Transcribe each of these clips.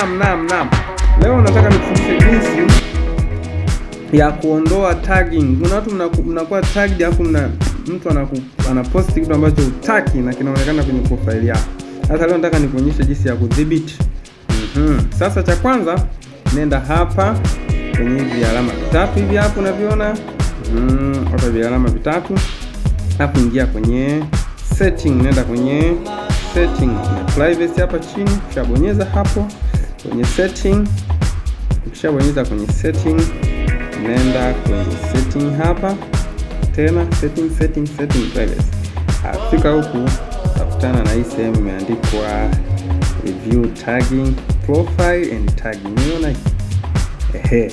Naam, naam, naam. Leo nataka nikufundishe jinsi ya kuondoa tagging. Kuna watu mnakuwa tagged afu mna mtu anaku, anaposti kitu ambacho hutaki na kinaonekana kwenye profile yako. Sasa leo nataka nikuonyeshe jinsi ya kudhibiti. Mm-hmm. Sasa cha kwanza nenda hapa kwenye hizi alama vitatu hivi hapo unaviona? Mm, hapa hivi alama vitatu. Hapo ingia kwenye setting, nenda kwenye setting na privacy hapa chini, kisha bonyeza hapo kwenye setting. Ukishabonyeza kwenye setting, unaenda kwenye setting hapa tena setting, setting, setting privacy. Afika ah, huku utakutana na hii sehemu imeandikwa review tagging profile and tagging. Unaona ehe,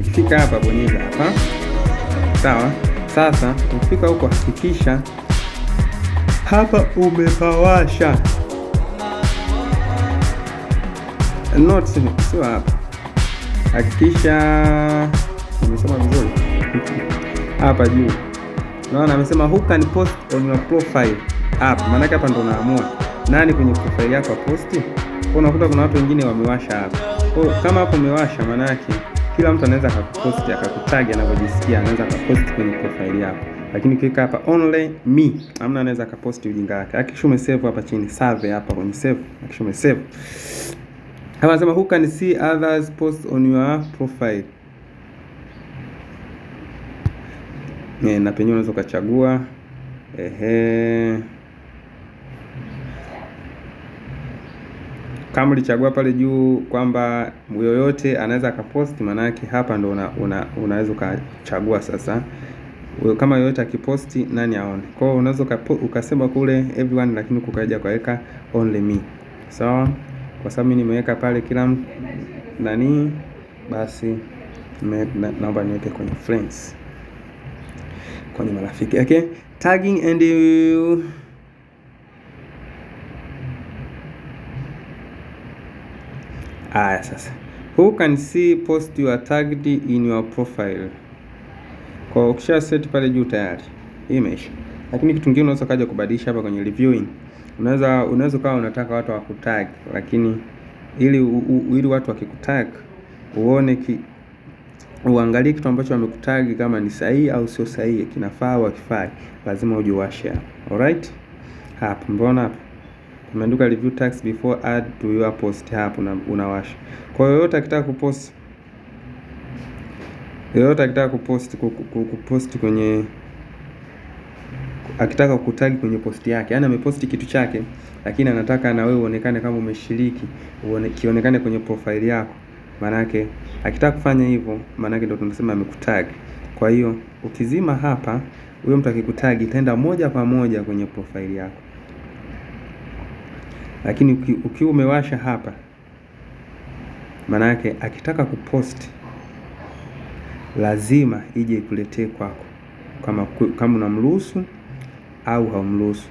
ukifika hapa bonyeza hapa, sawa. Sasa ukifika huko hakikisha hapa umepawasha notes sio hapa. Hakikisha nimesoma vizuri hapa juu. Naona amesema who can post on your profile app. maanake hapa ndo unaamua nani kwenye profile yako aposti. Kwa unakuta kuna watu wengine wamewasha hapa. Kwa kama hapo umewasha, maanake kila mtu anaweza akakuposti akakutagi anavyojisikia, anaweza akaposti kwenye profile yako. Lakini ukiweka hapa only me, amna anaweza akaposti ujinga wake. Hakikisha umesave hapa chini, save hapa kwenye save, hakikisha umesave. Anasema who can see others post on your profile. Eh, na penye unaweza ukachagua ehe, kama ulichagua pale juu kwamba yoyote anaweza akaposti, maana yake hapa ndo una, una, unaweza ukachagua sasa kama yoyote akiposti nani aone. Kwa hiyo unaweza ukasema kule everyone, lakini kukaja kaweka only me sawa. So, kwa sababu mimi nimeweka pale kila nani, basi me, na, naomba niweke kwenye friends, kwenye marafiki okay. Tagging and you... Aya, sasa who can see post you are tagged in your profile. Kwa ukisha set pale juu tayari hii imeisha, lakini kitu kingine unaweza kaja kubadilisha hapa kwenye reviewing unaweza unaweza ukawa unataka watu wakutag, lakini ili u, u, ili watu wakikutag uone ki, uangalie kitu ambacho wamekutag kama ni sahihi au sio sahihi, kinafaa au kifai, lazima ujiwashe hapo. Alright, hapo mbona hapo umeandika review tags before add to your post, hapo na unawasha. Kwa hiyo yote akitaka kupost yoyote akitaka kupost kupost kwenye akitaka kukutag kwenye posti yake, yaani ameposti kitu chake, lakini anataka na wewe uonekane kama umeshiriki, uone, kionekane kwenye profile yako. Maana yake akitaka kufanya hivyo, maana yake ndio tunasema amekutag. Kwa hiyo ukizima hapa, huyo mtu akikutag itaenda moja kwa moja kwenye profile yako, lakini ukiwa umewasha hapa, maana yake akitaka kupost lazima ije ikuletee kwako, kama kama unamruhusu au haumruhusu.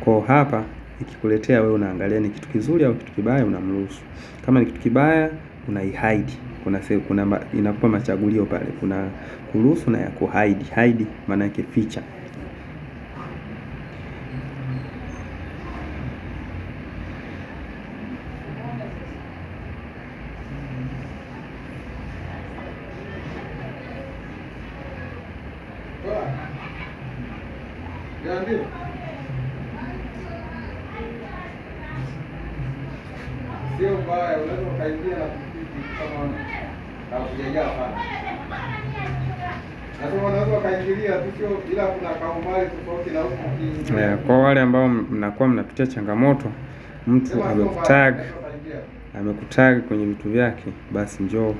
Kwa hapa ikikuletea wewe unaangalia ni kitu kizuri au kitu kibaya unamruhusu. Kama ni kitu kibaya unaihide. Kuna sehemu kuna inakupa machagulio pale. Kuna kuruhusu na ya kuhaidi. Haidi maana yake ficha sio mbaya, unaweza ukaingia na kama Yeah, eh, kwa wale ambao mnakuwa mnapitia changamoto, mtu amekutag amekutag kwenye vitu vyake, basi njoo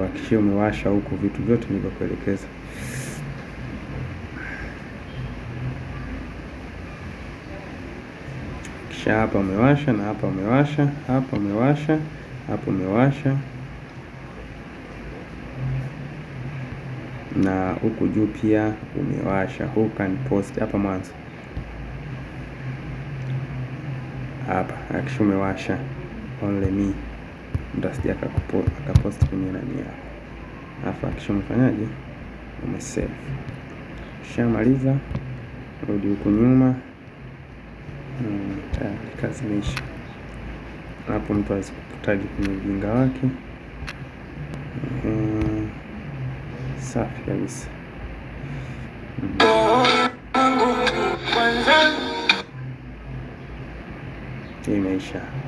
wakishie umewasha huko vitu vyote nilivyokuelekeza. kisha hapa umewasha na hapa umewasha, hapa umewasha, hapa umewasha na huku juu pia umewasha. Hook and post hapa mwanzo, hapa akisha umewasha only me, mtu asija akapost kwenye nani yako, alafu hakisha umefanyaje, umesave. Ukishamaliza rudi huku nyuma tayari kazi imeisha. Hapo mtu hawezi kukutagi kwenye ujinga wake. Eh, safi kabisa. Imeisha.